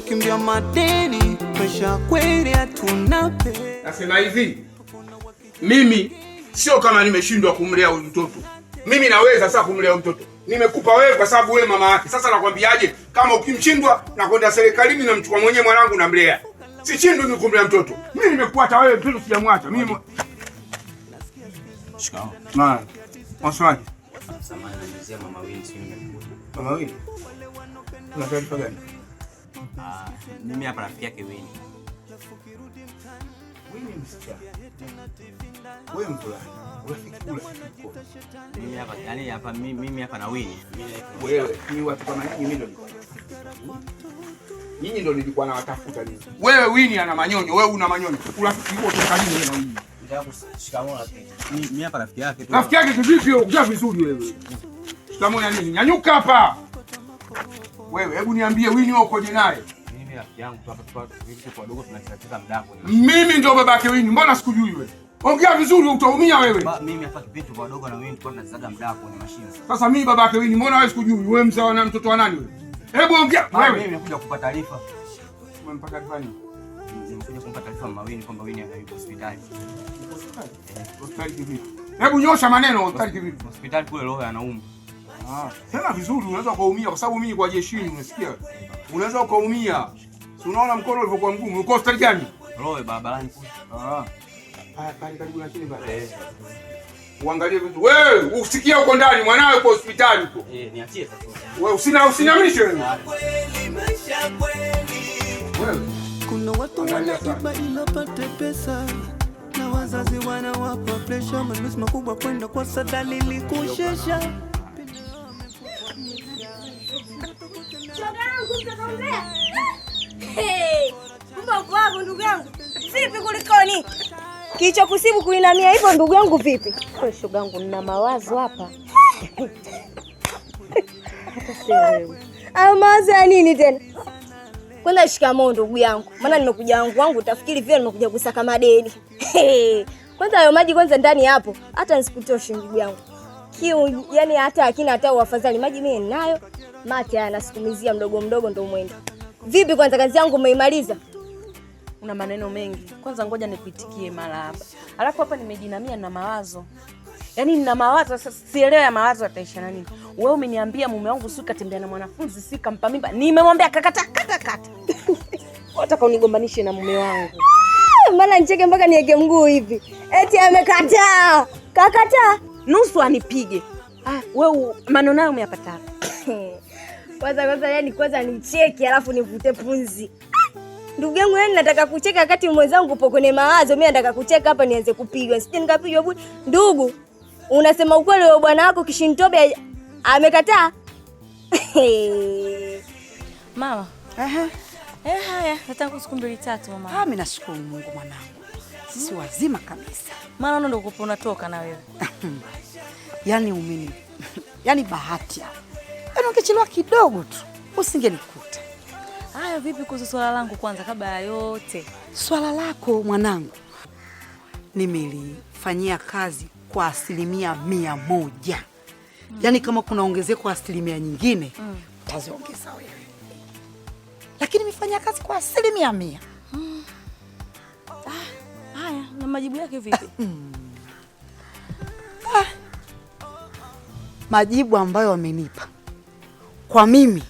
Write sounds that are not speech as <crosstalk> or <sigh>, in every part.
tunakimbia madeni, maisha kweli hatuna pesa. Nasema hivi, mimi sio kama nimeshindwa kumlea huyu mtoto, mimi naweza sasa kumlea mtoto. Nimekupa wewe kwa sababu wewe mama yake. Sasa nakwambiaje, kama ukimshindwa na kwenda serikalini, namchukua mwenyewe mwanangu namlea. Sishindwi mimi kumlea mtoto. Mimi nimekuacha wewe, mtoto sijamwacha mimi. Mama Winnie. Una taarifa gani? Ah, mimi hapa rafiki yake Wini. Wini msikia. Wewe mvulana, urafiki ule. Mimi hapa, yani hapa mimi hapa na Wini. Wewe ni watu kama nyinyi mimi ndo Nyinyi ndo nilikuwa na watafuta mimi. Wewe Wini ana manyonyo, wewe una manyonyo. Urafiki huo toka lini wewe na Wini? Mimi hapa rafiki yake tu. Rafiki yake kivipi wewe? Unajua vizuri wewe. Shikamoo ya nini? Nyanyuka hapa. Wewe hebu niambie wewe Winnie ukoje naye? Mimi yangu tu tu hapa hivi kwa dogo mdango. Mimi ndio baba yake wewe, mbona sikujui wewe? Ongea vizuri utaumia wewe. Ba, mimi hapa kipetu kwa dogo na Winnie tunazaga mdaa kwa mashine. Sasa mimi baba yake wewe, mbona wewe sikujui? Wewe mzao na mtoto wa nani wewe? Hebu ongea wewe. Mimi nimekuja kupata taarifa. Umempata taarifa Nimekuja kumpa taarifa mama wewe kwamba Winnie yuko hospitali. Hospitali? Hospitali kivipi? Hebu nyosha maneno hospitali kivipi? Hospitali kule roho anaumwa. Ah, tena vizuri unaweza ukaumia kwa sababu mimi kwa jeshini unasikia? Unaweza ukaumia. Si unaona mkono ulivyokuwa mgumu. Uko hospitali gani? Roe barabarani kule. Ah. Haya pale karibu na kile baba. Eh. Uangalie vitu. Wewe usikia uko ndani mwanawe yuko hospitali huko. Eh, niachie sasa. Wewe usina usiniamnishe ah. wewe. Kuna watu wanaiba ili wapate pesa na wazazi wanawapa pressure, manunuzi makubwa kwenda kwa sadalili kushesha mtakombea. hapo ndugu yangu. Vipi kulikoni? Kicho kusibu kuinamia hivyo ndugu yangu vipi? Kwa shoga yangu nina mawazo hapa. Au ya nini tena? Kwanza shikamoo ndugu yangu. Maana nimekuja wangu wangu utafikiri vile nimekuja kusaka madeni. Kwanza hayo maji kwanza ndani hapo. Hata nisikutoshi ndugu yangu kiu, yani hata akina hata uafadhali maji mimi ninayo, mate anasukumizia mdogo mdogo ndo mwendo. Vipi kwanza kazi yangu umeimaliza? Una maneno mengi. Kwanza ngoja nikuitikie mara hapa. Alafu hapa nimejinamia na mawazo. Yaani nina mawazo sasa sielewe ya mawazo ataisha na nini. Wewe umeniambia mume wangu si katembea na mwanafunzi si kampa mimba. Nimemwambia kakata kata kata. Unataka <laughs> unigombanishe na mume wangu. Ah, Maana nicheke mpaka niweke mguu hivi. Eti amekataa. Kakataa nusu anipige. Ah, wewe maneno nayo umeyapata. <coughs> Kwanza kwanza yani kwanza nicheki alafu nivute punzi. <coughs> Ndugu yangu yani nataka kucheka wakati mwenzangu upo kwenye mawazo, mimi nataka kucheka hapa nianze kupigwa. Sije nikapigwa bwana. Ndugu, unasema ukweli wewe bwana wako Kishintobe amekataa. <coughs> Mama. Aha. Eh, haya, nataka siku mbili tatu mama. Ah, mimi nashukuru Mungu mwanangu si wazima kabisa. Maana ndo ndokupa unatoka na wewe <laughs> yaani umini <laughs> yaani bahati yaani, ungechelewa kidogo tu usingenikuta. Haya, vipi kuhusu swala langu kwanza, kabla ya yote? Swala lako mwanangu, nimelifanyia kazi kwa asilimia mia moja. Mm. Yaani kama kuna ongezeko asilimia nyingine mm. utaziongeza mm, wewe, lakini nimefanya kazi kwa asilimia mia na majibu yake vipi? <laughs> Ah. majibu ambayo wamenipa kwa mimi,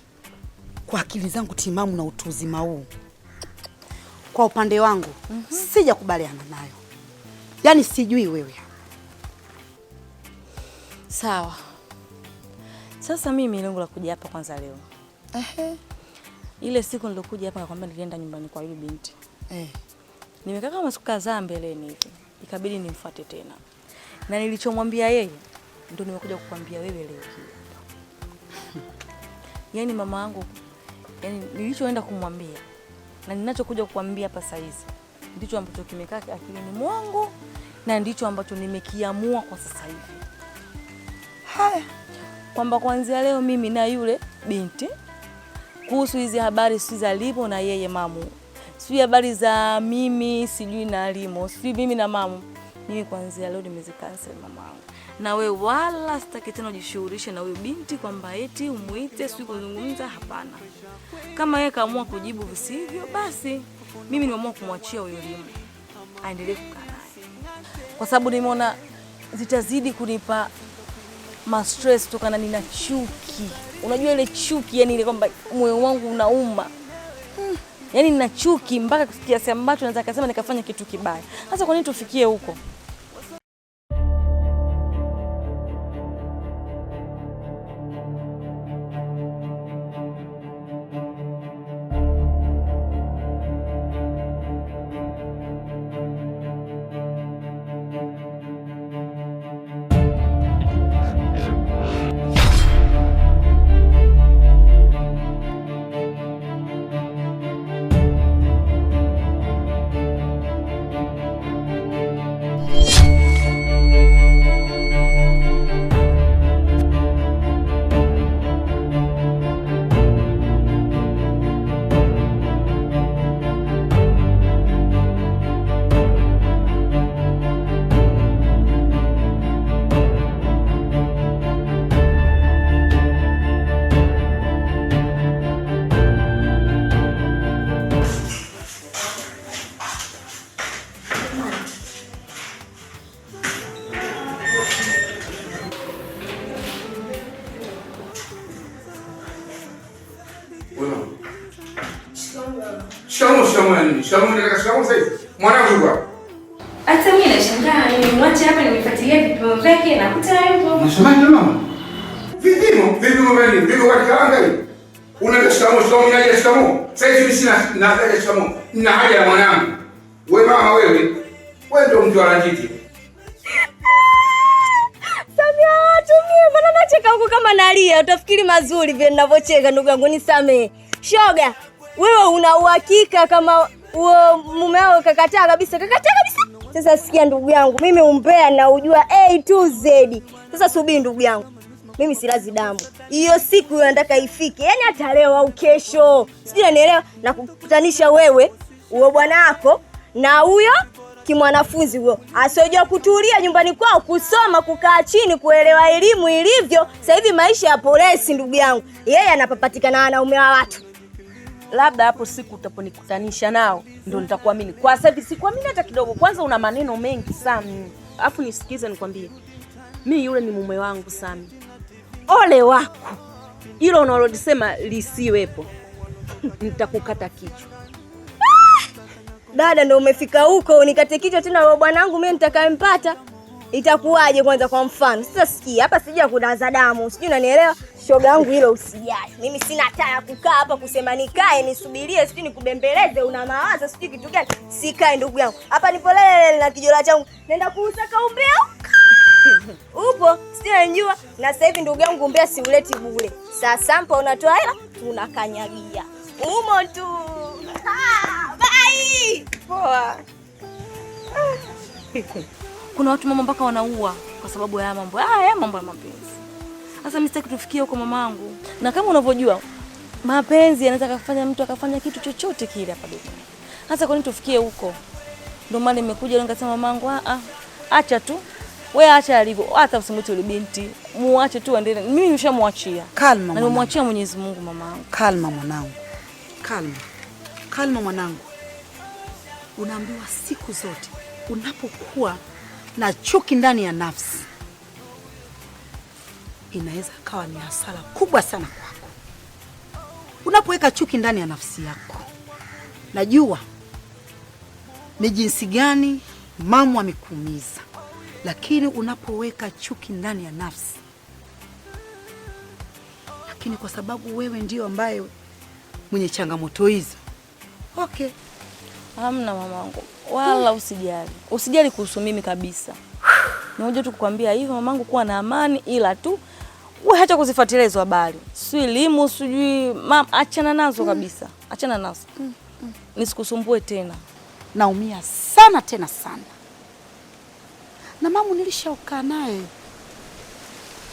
kwa akili zangu timamu na utu uzima huu, kwa upande wangu mm -hmm. sijakubaliana nayo, yaani sijui wewe. Sawa, sasa mimi lengo la kuja hapa kwanza leo, ehe, ile siku nilokuja hapa nakwambia nilienda nyumbani kwa yule binti eh. Nimekaa kama kadhaa mbeleni hivi, ikabidi nimfuate tena, na nilichomwambia yeye ndo nimekuja kukwambia wewe leo hii. <laughs> Yaani mama yangu, yani nilichoenda kumwambia na ninachokuja kukwambia hapa sasa hizi ndicho ambacho kimekaa akilini mwangu na ndicho ambacho nimekiamua kwa sasa hivi. Haya, kwamba kuanzia leo mimi na yule binti kuhusu hizi habari si zalipo na yeye Mamu sijui habari za mimi sijui na Alimo sijui mimi na mamu. Mimi kwanzia leo nimezikansel mama wangu, na we wala sitaki tena ujishughulishe na huyu binti kwamba eti umwite sijui kuzungumza. Hapana, kama yeye kaamua kujibu visivyo, basi mimi nimeamua kumwachia huyo Limo aendelee kukaa naye, kwa sababu nimeona zitazidi kunipa ma stress kutokana, nina chuki. Unajua ile chuki, yani ile kwamba moyo wangu unauma yani nina chuki mpaka kiasi ambacho naweza kusema nikafanya kitu kibaya. Sasa kwa nini tufikie huko? Shikamoo. Shikamoo ya nini? Shikamoo ndio shikamoo sasa hivi. Mwanangu Hata mimi nashangaa nimemwacha hapa nimefuatilia vipimo vyake nakuta hapo. Nashangaa ndio mama. Vipimo, vipimo gani? Vipimo katika anga hii. Una shikamoo, shikamoo ya shikamoo. Sasa hivi sina na ya shikamoo. Nina haja ya mwanangu. Wewe mama wewe. Wewe ndio mtu anajiti. Nikicheka huku kama nalia, utafikiri mazuri vile ninavyocheka. Ndugu yangu nisamee. Shoga, wewe una uhakika kama uo mume wako kakataa kabisa? Kakataa kabisa. Sasa sikia ndugu yangu, mimi umbea na ujua A to Z. Sasa subiri ndugu yangu, mimi silazi damu. Hiyo siku nataka ifike, yaani hata leo au kesho, sijui wewe uo bwana na huyo kimwanafunzi huyo asiojua kutulia nyumbani kwao, kusoma, kukaa chini, kuelewa elimu ilivyo. Sasa hivi maisha ya polisi, ndugu yangu, yeye anapapatikana wanaume wa watu. Labda hapo siku utaponikutanisha nao ndo nitakuamini. Kwa sasa hivi sikuamini hata kidogo. Kwanza una maneno mengi sana, afu nisikize nikwambie, mi yule ni mume wangu sana. Ole wako hilo unalolisema lisiwepo, <laughs> nitakukata kichwa dada ndo umefika huko nikate kichwa tena bwanangu, mimi nitakayempata itakuwaje? Kwanza kwa mfano sasa, sikia hapa, sija kudaza damu, sijui unanielewa shoga yangu, hilo usijali. Mimi sina taa ya kukaa hapa kusema nikae nisubirie, sijui nikubembeleze, una mawazo sijui kitu gani. Sikae ndugu yangu, hapa nipo lele na kijola changu, nenda kuusaka umbea <laughs> upo sijui nanjua. Na sasa hivi ndugu yangu, umbea siuleti bure. Sasa mpa unatoa hela tunakanyagia umo tu <laughs> Poa. Kuna watu mama mpaka wanaua kwa sababu ya mambo ah, ya mambo ya mapenzi. Sasa mimi sitaki tufikie huko mamangu, na kama unavyojua mapenzi yanaweza kufanya mtu akafanya kitu chochote kile hapa duniani. Sasa kwa nini tufikie huko? Ndio maana nimekuja nikasema mamangu, ah ah, acha tu wewe, acha alivyo, hata usimwite yule binti, muache tu aendelee. Mimi nimeshamwachia, kalma, nimemwachia Mwenyezi Mungu. Mamangu, kalma mwanangu, kalma, kalma mwanangu unaambiwa siku zote unapokuwa na chuki ndani ya nafsi inaweza kawa ni hasara kubwa sana kwako. Unapoweka chuki ndani ya nafsi yako, najua ni jinsi gani mama amekuumiza, lakini unapoweka chuki ndani ya nafsi, lakini kwa sababu wewe ndio ambaye mwenye changamoto hizo, okay Hamna mamangu, wala usijali, usijali kuhusu mimi kabisa. <sighs> Nakuja tu kukwambia hivyo mamangu, kuwa na amani, ila tu wewe acha kuzifuatilia hizo habari, si elimu, sijui mama, achana nazo mm. kabisa, achana nazo mm, mm. Nisikusumbue tena. Naumia sana tena sana na mamu, nilishaokaa naye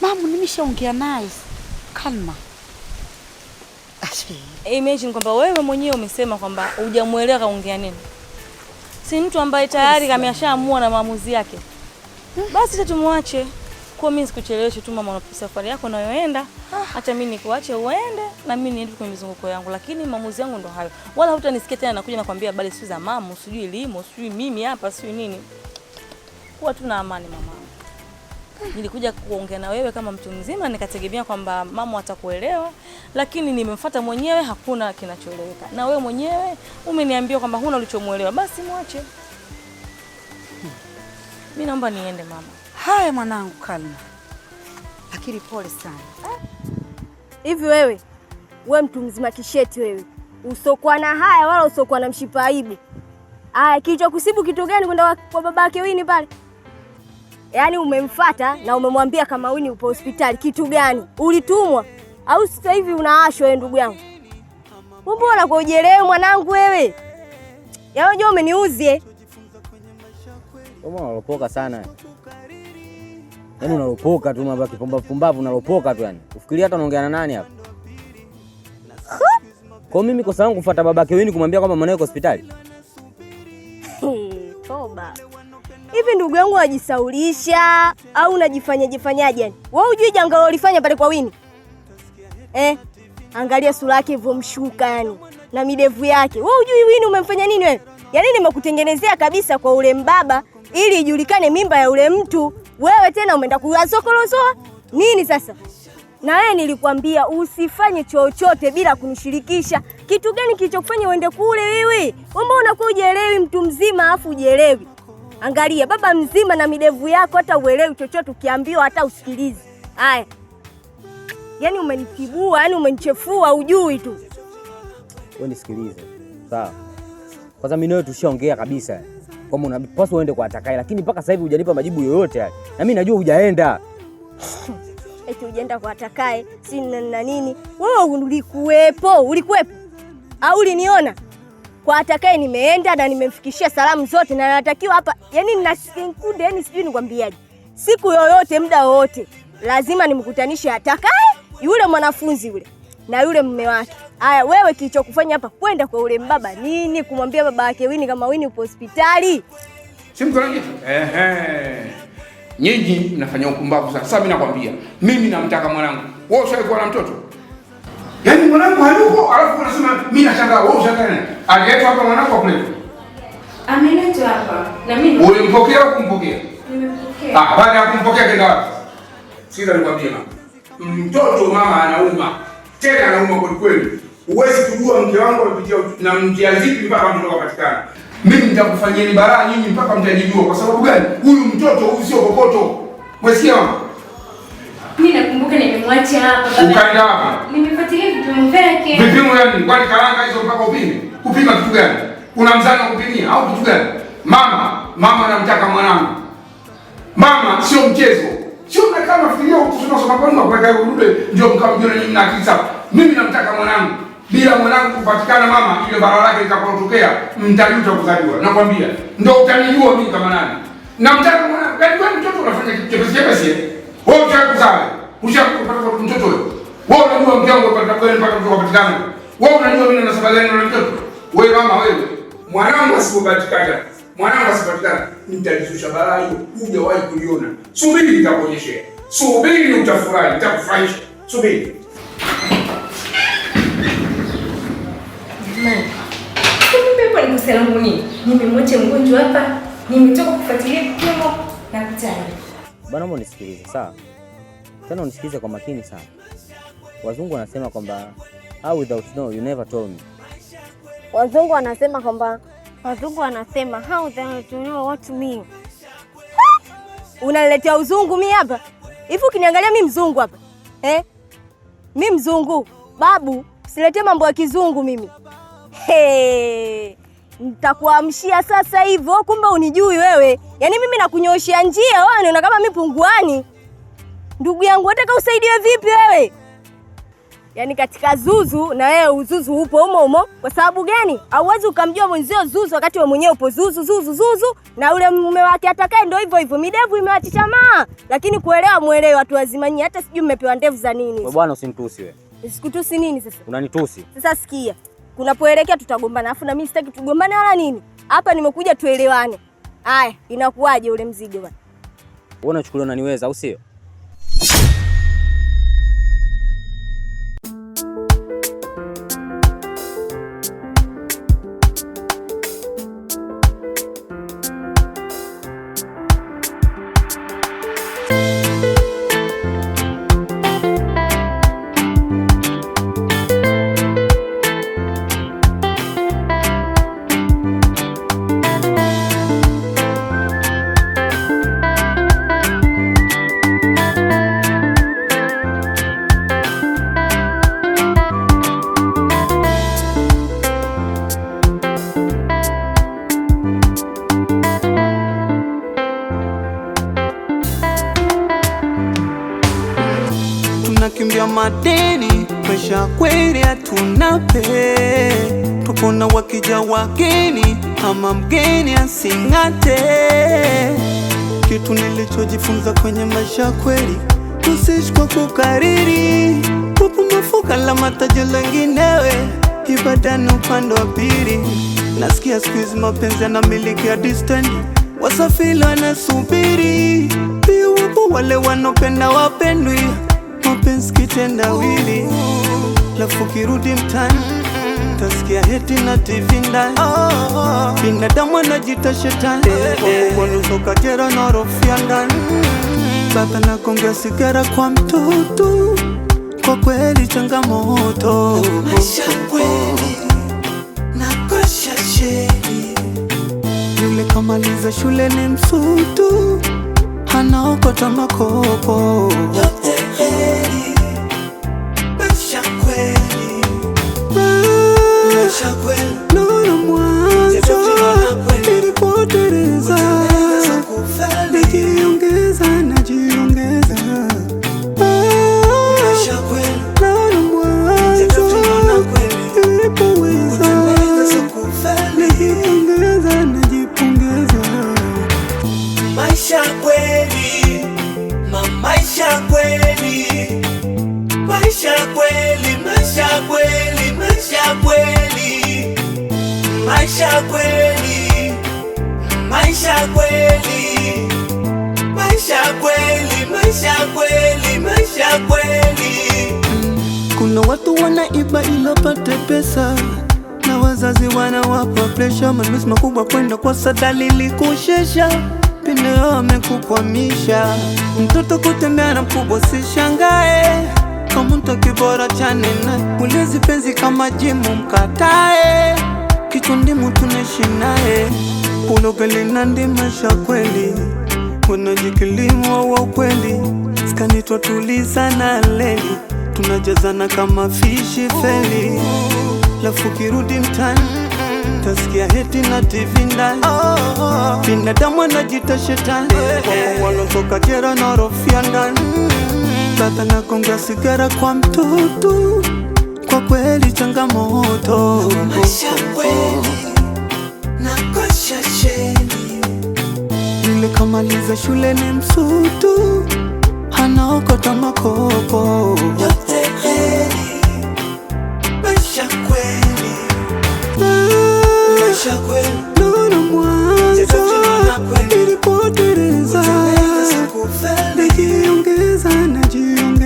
mamu, nimeshaongea naye, kalma safi. Eh, imagine kwamba wewe mwenyewe umesema kwamba hujamuelewa kaongea nini, si mtu ambaye tayari ameshaamua na maamuzi yake, basi tumwache. Kwa mimi sikucheleweshe tu mama, safari yako unayoenda, ah. hata mimi nikuache uende na mimi niende kwenye mizunguko yangu, lakini maamuzi yangu ndo hayo. Wala hutanisikia tena nakuja nakwambia habari sio za mama, sijui elimu, sijui mimi hapa, sijui nini. Kuwa tu na amani mama nilikuja kuongea na wewe kama mtu mzima, nikategemea kwamba mama atakuelewa, lakini nimemfuata mwenyewe, hakuna kinachoeleweka. Na wewe mwenyewe umeniambia kwamba huna ulichomuelewa, basi mwache. Hmm. mi Mimi naomba niende mama. Haya mwanangu, kalma, lakini pole sana hivi. Wewe we mtu mzima kisheti, wewe usokuwa na haya wala usokuwa na mshipa aibu. Aya, kusibu kitu gani kwenda kwa babake Wini pale? yaani umemfata na umemwambia kama wini upo hospitali, kitu gani? Ulitumwa au sasa hivi unaashwa wewe, ndugu yangu? Mbona kwa ujelewe mwanangu wewe, yaoja yaani umeniuzie unalopoka sana, yaani unalopoka tu mabaki pumbavu pumbavu, unalopoka tu, yani. ufikiria hata unaongeana nani hapa? Kwa mimi kosa langu kufuata babake Wini kumwambia kwamba mwanae yuko hospitali. hivi ndugu yangu unajisaulisha au unajifanya jifanyaje Yani wewe hujui janga lolifanya pale kwa Wini eh? Angalia sura yake hivyo mshuka yani na midevu yake. Wewe hujui Wini umemfanya nini wewe? Yani nimekutengenezea kabisa kwa ule mbaba ili ijulikane mimba ya ule mtu. Wewe tena umeenda kuyazokolozoa nini sasa? Na wewe nilikwambia usifanye chochote bila kunishirikisha. Kitu gani kilichokufanya uende kule? Wewe mbona unakuwa ujielewi mtu mzima afu ujielewi Angalia baba mzima na midevu yako, hata uelewi chochote, ukiambiwa hata usikilizi. Haya, yaani umenitibua, yaani umenichefua, ujui tu. Wewe nisikilize, sawa? Kwanza mimi nawe tushaongea kabisa kwamba unapaswa uende kwa Atakaye, lakini mpaka sasa hivi hujanipa majibu yoyote haya, na mimi najua hujaenda <coughs> eti hujaenda kwa Atakaye si na nini? Wewe ulikuwepo, ulikuwepo au uliniona? kwa atakaye nimeenda na nimemfikishia salamu zote, na natakiwa hapa yani nasikinkude, yani sijui nikwambiaje, siku yoyote muda wowote lazima nimkutanishe atakaye yule mwanafunzi yule na yule mume wake. Aya, wewe kilichokufanya hapa kwenda kwa ule mbaba nini, kumwambia baba yake Wini kama Wini upo hospitali, si mkonaje? Ehe, nyinyi mnafanya ukumbavu sana. Sasa mimi nakwambia, mimi namtaka mwanangu. Wewe ushaikuwa na mtoto? Yaani mwanangu hayuko, alafu unasema mimi nashangaa, wewe ushangaa nini? Aliletwa hapa mwanangu akuletwa? Ameletwa hapa. Na mimi ulimpokea au kumpokea? Nimempokea. Ah, baada ya kumpokea kenda wapi? Sikiza nikwambie mama. Mtoto mama anauma. Tena anauma kwa kweli. Huwezi kujua mke wangu amepitia na mtia zipi mpaka mtoto akapatikana. Mimi nitakufanyeni balaa nyinyi mpaka mtajijua kwa sababu gani? Huyu mtoto huyu sio kokoto. Mwesikia mama? Mimi nakumbuka nimemwacha hapa. Ukaenda hapa. Nimefuatilia vipimo vyake. Vipimo yaani kwani karanga hizo mpaka upime? kupima kitu gani? Kuna mzani wa kupimia au kitu gani? Mama, mama anamtaka mwanangu. Mama sio mchezo. Sio na kama mnakaa mnafikiria soma kwa nini kwa hiyo ndio mkamjua nyinyi na kisa. Mimi namtaka mwanangu. Bila mwanangu kupatikana mama, ile barabara yake itakapotokea mtajuta kuzaliwa. Nakwambia, ndio utanijua mimi kama nani. Namtaka mwanangu. Gani wewe mtoto unafanya kitu chepesi chepesi? Wewe unataka utakuzaa. Ushakupata mtoto wewe. Wewe unajua mjango kwa mpaka mtoto kupatikana. Wewe unajua mimi na sababu gani na mtoto? Wewe mama wewe, mwanangu asipopatikana, mwanangu asipopatikana, nitajishusha balaa hiyo hujawahi kuliona. Subiri nitakuonyeshea. Subiri utafurahi, nitakufurahisha. Subiri. Nini? Nimemwacha mgonjwa hapa, nimetoka kufuatilia kipimo na kutana. Bwana, mbona unisikilize sawa? Tena unisikilize kwa makini sana. Wazungu wanasema kwamba how without know you never told me wazungu wanasema kwamba wazungu wanasema how they know what to uzungu mi hapa hivi? Ukiniangalia mi mzungu hapa eh? Mi mzungu babu, siletee mambo ya kizungu mimi. Hey, nitakuamshia sasa hivyo. Kumbe unijui wewe, yaani mimi nakunyoshia njia, wewe unaona kama mi punguani. Ndugu yangu, wataka usaidie vipi wewe? yani katika zuzu na wewe uzuzu upo umo umo. Kwa sababu gani? auwezi ukamjua mwenzio zuzu wakati wewe mwenyewe upo zuzu zuzu zuzu, na ule mume wake atakaye ndio hivyo hivyo, midevu imewachichamaa. Lakini kuelewa mwelewe, watu nyinyi, Hata sijui mmepewa ndevu za nini? Wewe bwana, usinitusi wewe. Sikutusi nini sasa? Unanitusi sasa. Sikia, kunapoelekea tutagombana, afu na mimi sitaki tugombane wala nini. Hapa nimekuja tuelewane. Haya, inakuwaje ule mzigo bwana? Wewe na niweza au sio? kimbia madeni, maisha kweli hatuna pe, tupo wakija wageni, ama mgeni asing'ate. Kitu nilichojifunza kwenye maisha kweli, tusiishi kwa kukariri, tupo mafuka la mataji lenginewe, ibada ni upande wa pili. Nasikia siku hizi mapenzi yanamiliki ya distendi, wasafiri wanasubiri, pia wapo wale wanopenda wapendwi mapenzi kitendawili, lafu kirudi mtani tasikia heti na TV ndani. Binadamu anajita shetani wanusoka na rofia ndani. Baba nagonga sigara kwa mtoto, kwa kweli changamoto yule shule ni msutu, anaokota yote. Eh. subway kuendesha, manumizi makubwa kwenda kwa sadali likushesha, pindeo amekukwamisha. Mtoto kutembea na mkubwa si sishangae, kama mtu chane na ulezi penzi kama jimu mkatae, kichundi mtu tunaishi naye, ulogali na ndimasha kweli, wanajikilimu wa ukweli, skani twatuliza na leli tunajazana kama fishi feli, lafu kirudi mtani Tasikia heti na TV ndani, oh. binadamu anajita shetani, wanatoka kera na rofia ndani. Mm. Tata nakonga sigara kwa mtoto, kwa kweli changamoto Kamaliza shule ni msutu, anaokota makoko yote heri, maisha naona mwanzo ilipoteleza, najiongeza najiongeza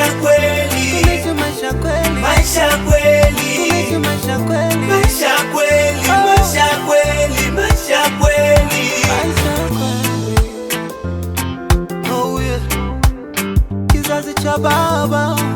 maisha kweli, maisha kweli, maisha kweli, maisha kweli, maisha kweli, maisha kweli, maisha kweli. kizazi cha baba